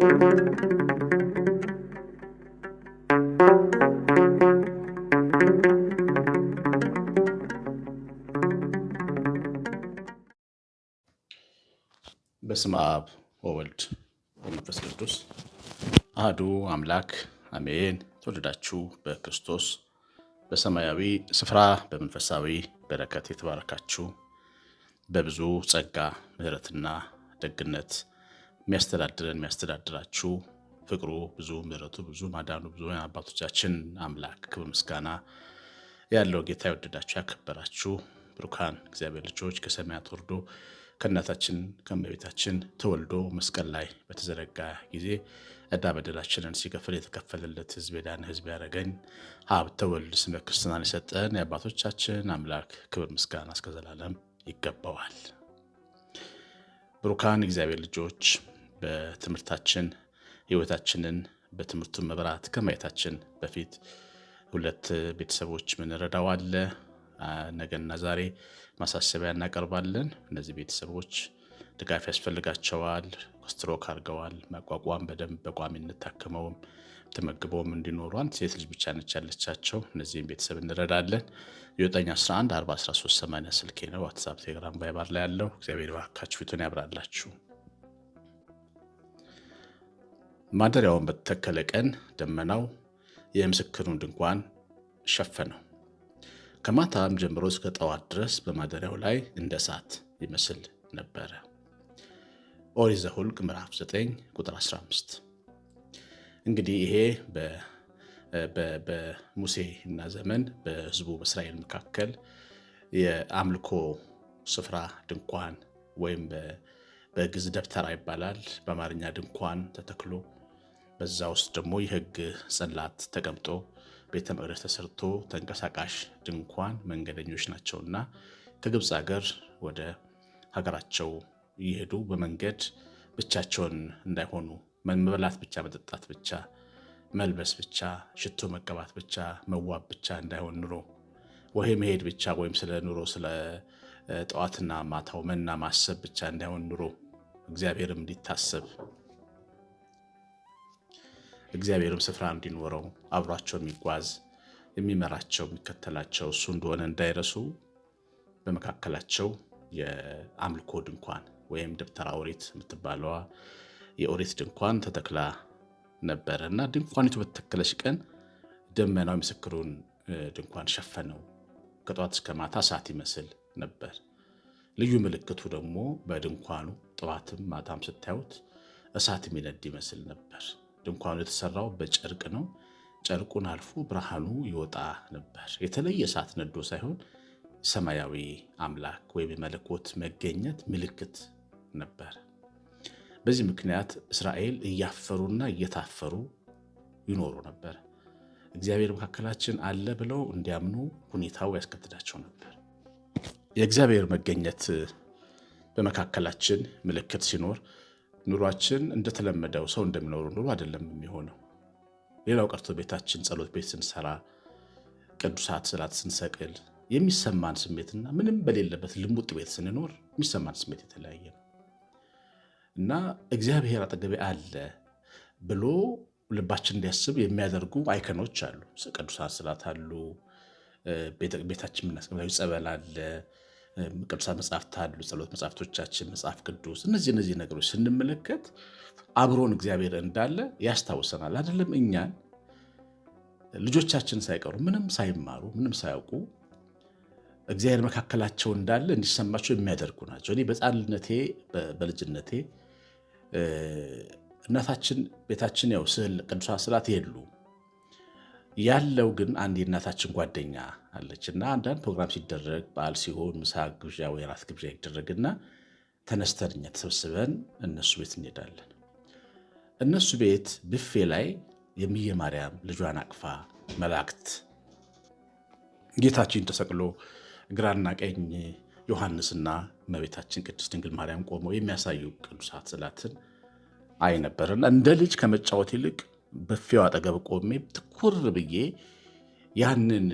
በስመ አብ ወወልድ ወመንፈስ ቅዱስ አህዱ አምላክ አሜን። ተወልዳችሁ በክርስቶስ በሰማያዊ ስፍራ በመንፈሳዊ በረከት የተባረካችሁ በብዙ ጸጋ ምሕረትና ደግነት የሚያስተዳድረን የሚያስተዳድራችሁ ፍቅሩ ብዙ ምሕረቱ ብዙ ማዳኑ ብዙ አባቶቻችን አምላክ ክብር ምስጋና ያለው ጌታ የወደዳችሁ ያከበራችሁ ብሩካን እግዚአብሔር ልጆች ከሰማያት ወርዶ ከእናታችን ከመቤታችን ተወልዶ መስቀል ላይ በተዘረጋ ጊዜ እዳ በደላችንን ሲከፍል የተከፈለለት ሕዝብ የዳነ ህዝብ ያደረገን ሀብ ተወልድ ስመ ክርስትናን የሰጠን የአባቶቻችን አምላክ ክብር ምስጋና እስከ ዘላለም ይገባዋል። ብሩካን እግዚአብሔር ልጆች በትምህርታችን ህይወታችንን በትምህርቱ መብራት ከማየታችን በፊት ሁለት ቤተሰቦች ምንረዳው አለ ነገና ዛሬ ማሳሰቢያ እናቀርባለን። እነዚህ ቤተሰቦች ድጋፍ ያስፈልጋቸዋል። ስትሮክ አድርገዋል። መቋቋም በደንብ በቋሚነት ታክመውም ተመግበውም እንዲኖሩ አንድ ሴት ልጅ ብቻ ነች ያለቻቸው። እነዚህም ቤተሰብ እንረዳለን 11 413 41380 ስልኬ ነው። ዋትሳፕ፣ ቴሌግራም፣ ቫይበር ላይ ያለው እግዚአብሔር ባካችሁ ፊቱን ያብራላችሁ። ማደሪያውን በተተከለ ቀን ደመናው የምስክሩን ድንኳን ሸፈነው። ከማታም ጀምሮ እስከ ጠዋት ድረስ በማደሪያው ላይ እንደ እሳት ይመስል ነበረ። ኦሪት ዘኍልቍ ምዕራፍ 9 ቁጥር 15 እንግዲህ ይሄ በሙሴ እና ዘመን በህዝቡ በእስራኤል መካከል የአምልኮ ስፍራ ድንኳን ወይም በግዝ ደብተራ ይባላል በአማርኛ ድንኳን ተተክሎ በዛ ውስጥ ደግሞ የህግ ጽላት ተቀምጦ ቤተ መቅደስ ተሰርቶ ተንቀሳቃሽ ድንኳን መንገደኞች ናቸውእና ከግብፅ ሀገር ወደ ሀገራቸው እየሄዱ በመንገድ ብቻቸውን እንዳይሆኑ መበላት ብቻ፣ መጠጣት ብቻ፣ መልበስ ብቻ፣ ሽቶ መቀባት ብቻ፣ መዋብ ብቻ እንዳይሆን ኑሮ ወይ መሄድ ብቻ ወይም ስለ ኑሮ ስለ ጠዋትና ማታው መና ማሰብ ብቻ እንዳይሆን ኑሮ እግዚአብሔርም እንዲታሰብ እግዚአብሔርም ስፍራ እንዲኖረው አብሯቸው የሚጓዝ የሚመራቸው የሚከተላቸው እሱ እንደሆነ እንዳይረሱ በመካከላቸው የአምልኮ ድንኳን ወይም ደብተራ ኦሪት የምትባለዋ የኦሪት ድንኳን ተተክላ ነበረ እና ድንኳኒቱ በተተከለች ቀን ደመናው ምስክሩን ድንኳን ሸፈነው። ከጠዋት እስከ ማታ እሳት ይመስል ነበር። ልዩ ምልክቱ ደግሞ በድንኳኑ ጠዋትም ማታም ስታዩት እሳት የሚነድ ይመስል ነበር። ድንኳኑ የተሰራው በጨርቅ ነው። ጨርቁን አልፎ ብርሃኑ ይወጣ ነበር። የተለየ እሳት ነዶ ሳይሆን ሰማያዊ አምላክ ወይም የመለኮት መገኘት ምልክት ነበር። በዚህ ምክንያት እስራኤል እያፈሩና እየታፈሩ ይኖሩ ነበር። እግዚአብሔር መካከላችን አለ ብለው እንዲያምኑ ሁኔታው ያስገድዳቸው ነበር። የእግዚአብሔር መገኘት በመካከላችን ምልክት ሲኖር ኑሯችን እንደተለመደው ሰው እንደሚኖሩ ኑሮ አይደለም የሚሆነው። ሌላው ቀርቶ ቤታችን ጸሎት ቤት ስንሰራ፣ ቅዱሳት ስዕላት ስንሰቅል የሚሰማን ስሜትና ምንም በሌለበት ልሙጥ ቤት ስንኖር የሚሰማን ስሜት የተለያየ ነው። እና እግዚአብሔር አጠገቤ አለ ብሎ ልባችን እንዲያስብ የሚያደርጉ አይከኖች አሉ። ቅዱሳት ስዕላት አሉ። ቤታችን የምናስቀምጠው ጸበል አለ። ቅዱሳት መጽሐፍት አሉ። ጸሎት መጽሐፍቶቻችን፣ መጽሐፍ ቅዱስ፣ እነዚህ እነዚህ ነገሮች ስንመለከት አብሮን እግዚአብሔር እንዳለ ያስታውሰናል። አይደለም እኛን ልጆቻችን ሳይቀሩ ምንም ሳይማሩ ምንም ሳያውቁ እግዚአብሔር መካከላቸው እንዳለ እንዲሰማቸው የሚያደርጉ ናቸው። እኔ በጻልነቴ በልጅነቴ እናታችን ቤታችን ያው ስዕል ቅዱሳ ስላት የሉ ያለው ግን አንድ የእናታችን ጓደኛ አለች እና አንዳንድ ፕሮግራም ሲደረግ በዓል ሲሆን ምሳ ግብዣ ወይ ራት ግብዣ ይደረግና ተነስተን እኛ ተሰብስበን እነሱ ቤት እንሄዳለን። እነሱ ቤት ብፌ ላይ የሚየ ማርያም ልጇን አቅፋ መላእክት ጌታችን ተሰቅሎ ግራና ቀኝ ዮሐንስና መቤታችን ቅድስት ድንግል ማርያም ቆመው የሚያሳዩ ቅዱሳት ስዕላትን አይ ነበርና እንደ ልጅ ከመጫወት ይልቅ በፊው አጠገብ ቆሜ ትኩር ብዬ ያንን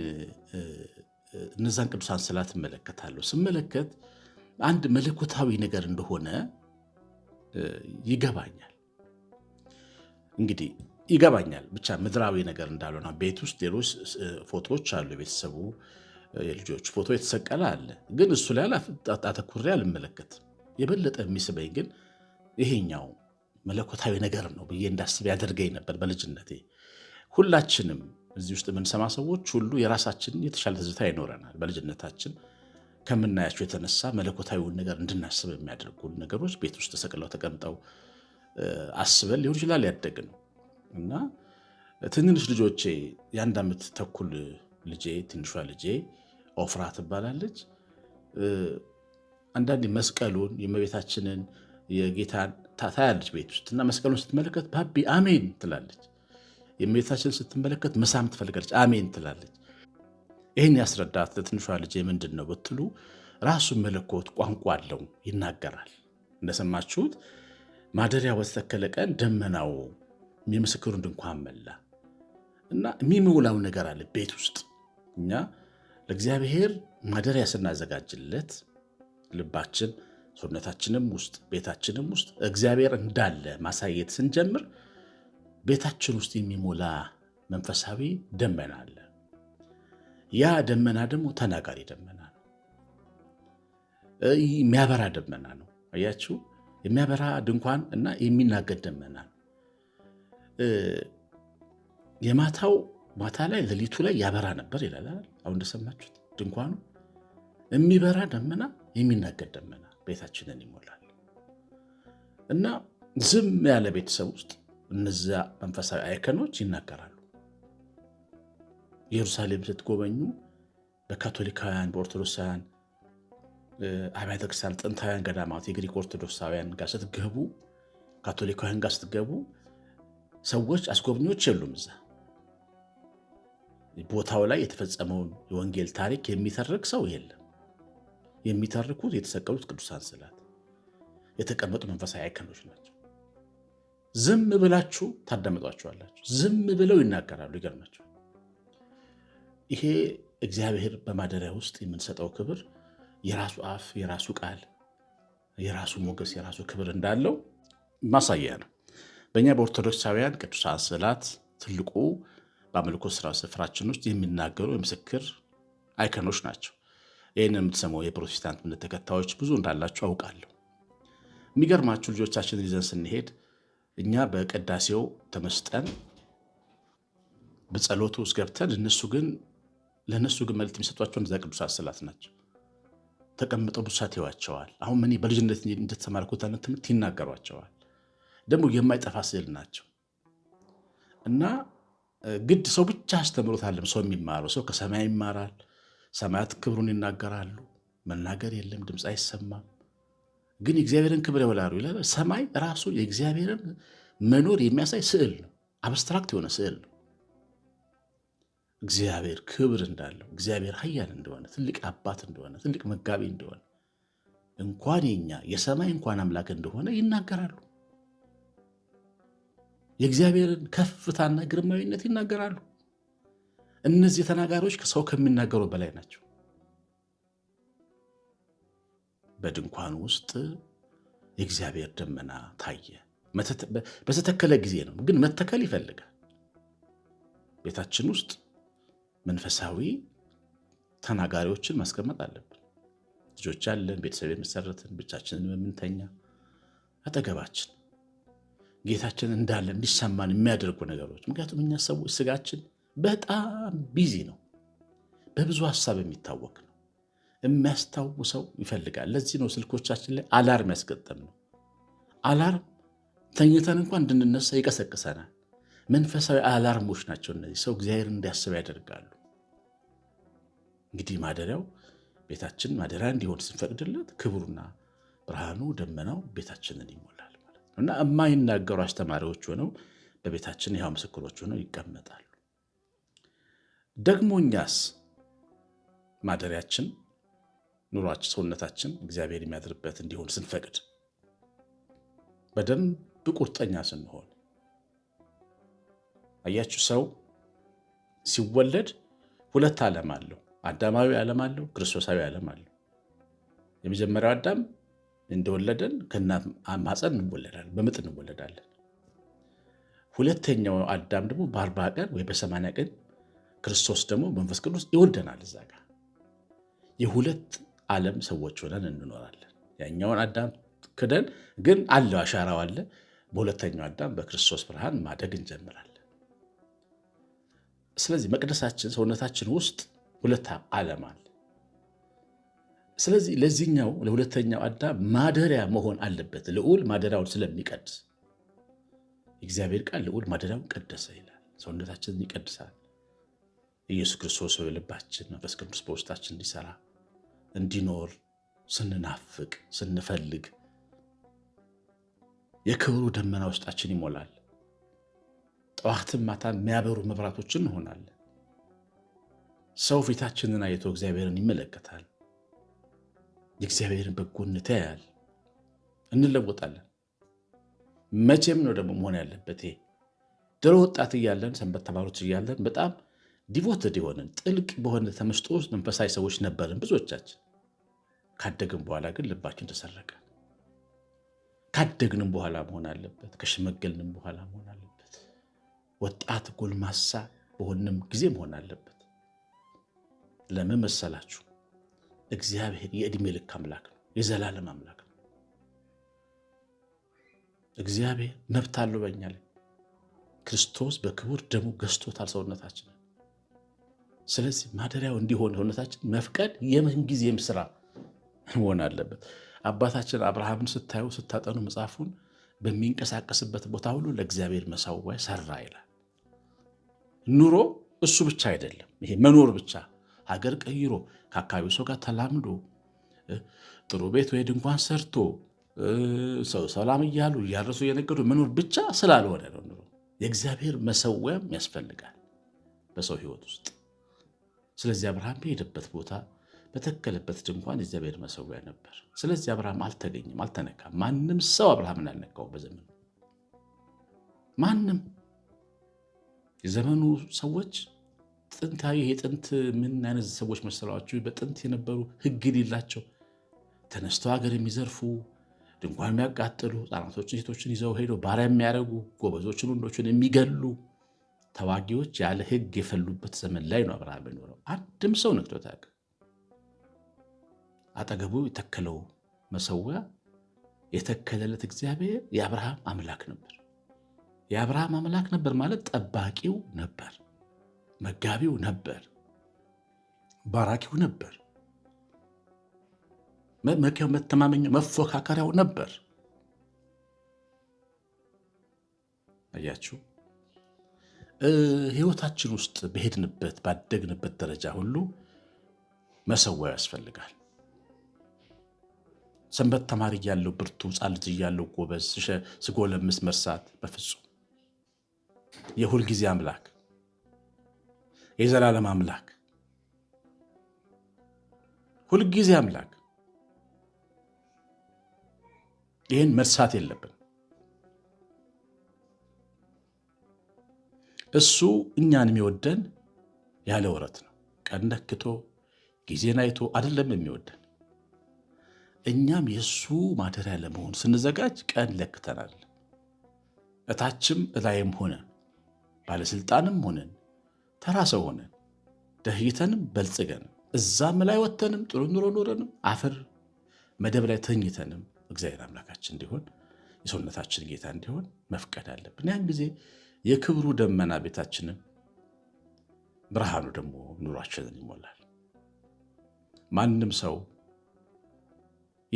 እነዛን ቅዱሳን ስዕላት እመለከታለሁ። ስመለከት አንድ መለኮታዊ ነገር እንደሆነ ይገባኛል። እንግዲህ ይገባኛል ብቻ ምድራዊ ነገር እንዳልሆነ ቤት ውስጥ ሌሎች ፎቶዎች አሉ የቤተሰቡ የልጆች ፎቶ የተሰቀለ አለ። ግን እሱ ላይ አተኩሬ አልመለከትም። የበለጠ የሚስበኝ ግን ይሄኛው መለኮታዊ ነገር ነው ብዬ እንዳስብ ያደርገኝ ነበር በልጅነቴ። ሁላችንም እዚህ ውስጥ የምንሰማ ሰዎች ሁሉ የራሳችንን የተሻለ ትዝታ ይኖረናል። በልጅነታችን ከምናያቸው የተነሳ መለኮታዊውን ነገር እንድናስብ የሚያደርጉን ነገሮች ቤት ውስጥ ተሰቅለው ተቀምጠው አስበን ሊሆን ይችላል ያደግ ነው እና ትንንሽ ልጆቼ የአንድ ዓመት ተኩል ልጄ ትንሿ ልጄ ኦፍራ ትባላለች። አንዳንዴ መስቀሉን የእመቤታችንን የጌታን ታያለች ቤት ውስጥ እና መስቀሉን ስትመለከት ባቢ አሜን ትላለች። የእመቤታችንን ስትመለከት መሳም ትፈልጋለች፣ አሜን ትላለች። ይህን ያስረዳት ለትንሿ ልጅ የምንድን ነው ብትሉ ራሱ መለኮት ቋንቋ አለው፣ ይናገራል። እንደሰማችሁት ማደሪያ በተተከለ ቀን ደመናው የምስክሩን ድንኳን መላ እና የሚሞላው ነገር አለ ቤት ውስጥ እኛ ለእግዚአብሔር ማደሪያ ስናዘጋጅለት ልባችን ሰውነታችንም ውስጥ ቤታችንም ውስጥ እግዚአብሔር እንዳለ ማሳየት ስንጀምር ቤታችን ውስጥ የሚሞላ መንፈሳዊ ደመና አለ። ያ ደመና ደግሞ ተናጋሪ ደመና ነው። የሚያበራ ደመና ነው። አያችሁ፣ የሚያበራ ድንኳን እና የሚናገድ ደመና ነው። የማታው ማታ ላይ ሌሊቱ ላይ ያበራ ነበር ይላል። አሁን እንደሰማችሁት ድንኳኑ የሚበራ ደመና፣ የሚናገድ ደመና ቤታችንን ይሞላል እና ዝም ያለ ቤተሰብ ውስጥ እነዚያ መንፈሳዊ አይከኖች ይናገራሉ። ኢየሩሳሌም ስትጎበኙ በካቶሊካውያን በኦርቶዶክሳውያን አብያተ ክርስቲያን ጥንታውያን ገዳማት የግሪክ ኦርቶዶክሳውያን ጋር ስትገቡ፣ ካቶሊካውያን ጋር ስትገቡ ሰዎች አስጎብኚዎች የሉም እዛ ቦታው ላይ የተፈጸመውን የወንጌል ታሪክ የሚተርክ ሰው የለም። የሚተርኩት የተሰቀሉት ቅዱሳን ስዕላት፣ የተቀመጡ መንፈሳዊ አይከኖች ናቸው። ዝም ብላችሁ ታዳምጧቸዋላችሁ። ዝም ብለው ይናገራሉ። ይገርማቸው። ይሄ እግዚአብሔር በማደሪያ ውስጥ የምንሰጠው ክብር የራሱ አፍ፣ የራሱ ቃል፣ የራሱ ሞገስ፣ የራሱ ክብር እንዳለው ማሳያ ነው። በእኛ በኦርቶዶክሳውያን ቅዱሳን ስዕላት ትልቁ በአምልኮ ስራ ስፍራችን ውስጥ የሚናገሩ የምስክር አይከኖች ናቸው። ይህን የምትሰማው የፕሮቴስታንት እምነት ተከታዮች ብዙ እንዳላችሁ አውቃለሁ። የሚገርማችሁ ልጆቻችንን ይዘን ስንሄድ እኛ በቅዳሴው ተመስጠን በጸሎቱ ውስጥ ገብተን እነሱ ግን ለእነሱ ግን መልት የሚሰጧቸው እነዚያ ቅዱሳት ስላት ናቸው። ተቀምጠው ብሳት ይዋቸዋል። አሁን እኔ በልጅነት እንደተማርኩት ትምህርት ይናገሯቸዋል። ደግሞ የማይጠፋ ስዕል ናቸው እና ግድ ሰው ብቻ አስተምሮት አለም ሰው የሚማረው ሰው ከሰማይ ይማራል። ሰማያት ክብሩን ይናገራሉ። መናገር የለም ድምፅ አይሰማም። ግን የእግዚአብሔርን ክብር ያውላሉ ይላል። ሰማይ ራሱ የእግዚአብሔርን መኖር የሚያሳይ ስዕል ነው። አብስትራክት የሆነ ስዕል ነው። እግዚአብሔር ክብር እንዳለው እግዚአብሔር ኃያል እንደሆነ ትልቅ አባት እንደሆነ ትልቅ መጋቢ እንደሆነ እንኳን የኛ የሰማይ እንኳን አምላክ እንደሆነ ይናገራሉ። የእግዚአብሔርን ከፍታና ግርማዊነት ይናገራሉ። እነዚህ ተናጋሪዎች ሰው ከሚናገሩ በላይ ናቸው። በድንኳን ውስጥ የእግዚአብሔር ደመና ታየ። በተተከለ ጊዜ ነው፣ ግን መተከል ይፈልጋል። ቤታችን ውስጥ መንፈሳዊ ተናጋሪዎችን ማስቀመጥ አለብን። ልጆች አለን፣ ቤተሰብ የመሰረትን፣ ብቻችንን የምንተኛ አጠገባችን ጌታችን እንዳለ እንዲሰማን የሚያደርጉ ነገሮች። ምክንያቱም እኛ ሰዎች ስጋችን በጣም ቢዚ ነው፣ በብዙ ሀሳብ የሚታወቅ ነው፣ የሚያስታውሰው ይፈልጋል። ለዚህ ነው ስልኮቻችን ላይ አላርም ያስገጠም ነው። አላርም ተኝተን እንኳን እንድንነሳ ይቀሰቅሰናል። መንፈሳዊ አላርሞች ናቸው እነዚህ። ሰው እግዚአብሔር እንዲያስብ ያደርጋሉ። እንግዲህ ማደሪያው ቤታችን ማደሪያ እንዲሆን ስንፈቅድለት ክቡርና ብርሃኑ ደመናው ቤታችንን ይሞላል። እና የማይናገሩ አስተማሪዎች ሆነው በቤታችን ያው ምስክሮች ሆነው ይቀመጣሉ። ደግሞ እኛስ ማደሪያችን ኑሯችን፣ ሰውነታችን እግዚአብሔር የሚያድርበት እንዲሆን ስንፈቅድ በደንብ ቁርጠኛ ስንሆን አያችሁ ሰው ሲወለድ ሁለት ዓለም አለው። አዳማዊ ዓለም አለው፣ ክርስቶሳዊ ዓለም አለው። የመጀመሪያው አዳም እንደወለደን ከእናት ማፀን እንወለዳለን፣ በምጥ እንወለዳለን። ሁለተኛው አዳም ደግሞ በአርባ ቀን ወይ በሰማንያ ቀን ክርስቶስ ደግሞ መንፈስ ቅዱስ ይወልደናል። እዛ ጋር የሁለት ዓለም ሰዎች ሆነን እንኖራለን። ያኛውን አዳም ክደን ግን አለው አሻራው አለ። በሁለተኛው አዳም በክርስቶስ ብርሃን ማደግ እንጀምራለን። ስለዚህ መቅደሳችን፣ ሰውነታችን ውስጥ ሁለት ዓለም አለ። ስለዚህ ለዚህኛው ለሁለተኛው አዳም ማደሪያ መሆን አለበት። ልዑል ማደሪያውን ስለሚቀድስ እግዚአብሔር ቃል ልዑል ማደሪያውን ቀደሰ ይላል። ሰውነታችንን ይቀድሳል። ኢየሱስ ክርስቶስ በልባችን መንፈስ ቅዱስ በውስጣችን እንዲሰራ እንዲኖር ስንናፍቅ ስንፈልግ የክብሩ ደመና ውስጣችን ይሞላል። ጠዋትም ማታ የሚያበሩ መብራቶችን እንሆናለን። ሰው ፊታችንን አይቶ እግዚአብሔርን ይመለከታል። የእግዚአብሔርን በጎነት ያያል። እንለወጣለን። መቼም ነው ደግሞ መሆን ያለበት ይሄ። ድሮ ወጣት እያለን ሰንበት ተማሪዎች እያለን በጣም ዲቮትድ የሆንን ጥልቅ በሆነ ተመስጦ ውስጥ መንፈሳዊ ሰዎች ነበርን ብዙዎቻችን። ካደግን በኋላ ግን ልባችን ተሰረቀ። ካደግንም በኋላ መሆን አለበት፣ ከሽመገልንም በኋላ መሆን አለበት፣ ወጣት ጎልማሳ በሆንም ጊዜ መሆን አለበት። ለምን መሰላችሁ? እግዚአብሔር የእድሜ ልክ አምላክ ነው። የዘላለም አምላክ ነው። እግዚአብሔር መብት አለው በእኛ ላይ። ክርስቶስ በክቡር ደሙ ገዝቶታል ሰውነታችን። ስለዚህ ማደሪያው እንዲሆን ሰውነታችን መፍቀድ የምንጊዜም ስራ መሆን አለበት። አባታችን አብርሃምን ስታዩ ስታጠኑ መጽሐፉን በሚንቀሳቀስበት ቦታ ሁሉ ለእግዚአብሔር መሰዊያ ሰራ ይላል። ኑሮ እሱ ብቻ አይደለም፣ ይሄ መኖር ብቻ ሀገር ቀይሮ ከአካባቢው ሰው ጋር ተላምዶ ጥሩ ቤት ወይ ድንኳን ሰርቶ ሰው ሰላም እያሉ እያረሱ እየነገዱ መኖር ብቻ ስላልሆነ ነው ኑሮ። የእግዚአብሔር መሰዊያም ያስፈልጋል በሰው ህይወት ውስጥ። ስለዚህ አብርሃም በሄደበት ቦታ በተከለበት ድንኳን የእግዚአብሔር መሰዊያ ነበር። ስለዚህ አብርሃም አልተገኘም፣ አልተነካም። ማንም ሰው አብርሃምን አልነካውም በዘመኑ ማንም የዘመኑ ሰዎች ጥንታዊ የጥንት ምን አይነት ሰዎች መሰሏችሁ? በጥንት የነበሩ ህግ የሌላቸው ተነስተው ሀገር የሚዘርፉ ድንኳን የሚያቃጥሉ ሕፃናቶችን ሴቶችን ይዘው ሄደው ባሪያ የሚያደርጉ ጎበዞችን ወንዶችን የሚገሉ ተዋጊዎች ያለ ህግ የፈሉበት ዘመን ላይ ነው አብርሃም የኖረው። አንድም ሰው ነክቶት አያውቅም። አጠገቡ የተከለው መሰዊያ የተከለለት እግዚአብሔር የአብርሃም አምላክ ነበር። የአብርሃም አምላክ ነበር ማለት ጠባቂው ነበር። መጋቢው ነበር፣ ባራኪው ነበር፣ መተማመኛ መፎካከሪያው ነበር። አያችሁ፣ ህይወታችን ውስጥ በሄድንበት ባደግንበት ደረጃ ሁሉ መሰወያ ያስፈልጋል። ሰንበት ተማሪ ያለው ብርቱ፣ ሕፃን ልጅ እያለሁ ጎበዝ፣ ስጎለምስ መርሳት በፍጹም የሁልጊዜ አምላክ የዘላለም አምላክ ሁልጊዜ አምላክ። ይህን መርሳት የለብን። እሱ እኛን የሚወደን ያለ ወረት ነው። ቀን ነክቶ ጊዜን አይቶ አይደለም የሚወደን። እኛም የእሱ ማደሪያ ለመሆን ስንዘጋጅ ቀን ለክተናል። እታችም እላይም ሆነ ባለስልጣንም ሆነን ተራ ሰው ሆነን ደህይተንም በልጽገንም እዛም ላይ ወተንም ጥሩ ኑሮ ኖረንም አፈር መደብ ላይ ተኝተንም እግዚአብሔር አምላካችን እንዲሆን የሰውነታችን ጌታ እንዲሆን መፍቀድ አለብን። ያን ጊዜ የክብሩ ደመና ቤታችንን ብርሃኑ ደግሞ ኑሯችንን ይሞላል። ማንም ሰው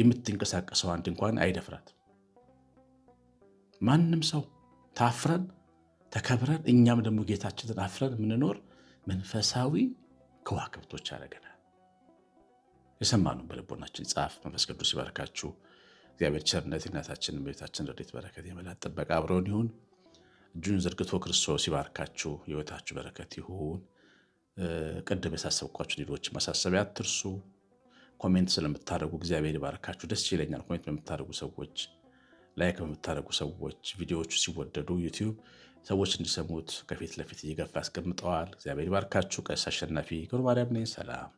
የምትንቀሳቀሰው አንድ እንኳን አይደፍራት። ማንም ሰው ታፍረን ተከብረን እኛም ደግሞ ጌታችንን አፍረን የምንኖር መንፈሳዊ ከዋክብቶች ያደረገናል። የሰማነውን በልቦናችን ጻፍ። መንፈስ ቅዱስ ይባርካችሁ። እግዚአብሔር ቸርነት እናታችን ቤታችን ረድኤት በረከት የመላት ጥበቃ አብረውን ይሁን። እጁን ዘርግቶ ክርስቶስ ይባርካችሁ። የሕይወታችሁ በረከት ይሁን። ቅድም የሳሰብኳችሁ ሌሎች ማሳሰቢያ አትርሱ። ኮሜንት ስለምታደርጉ እግዚአብሔር ይባርካችሁ። ደስ ይለኛል ኮሜንት በምታደርጉ ሰዎች፣ ላይክ በምታደርጉ ሰዎች፣ ቪዲዮዎቹ ሲወደዱ ዩቲዩብ ሰዎች እንዲሰሙት ከፊት ለፊት እየገፋ አስቀምጠዋል። እግዚአብሔር ይባርካችሁ። ቀሲስ አሸናፊ ገብረ ማርያም ነኝ። ሰላም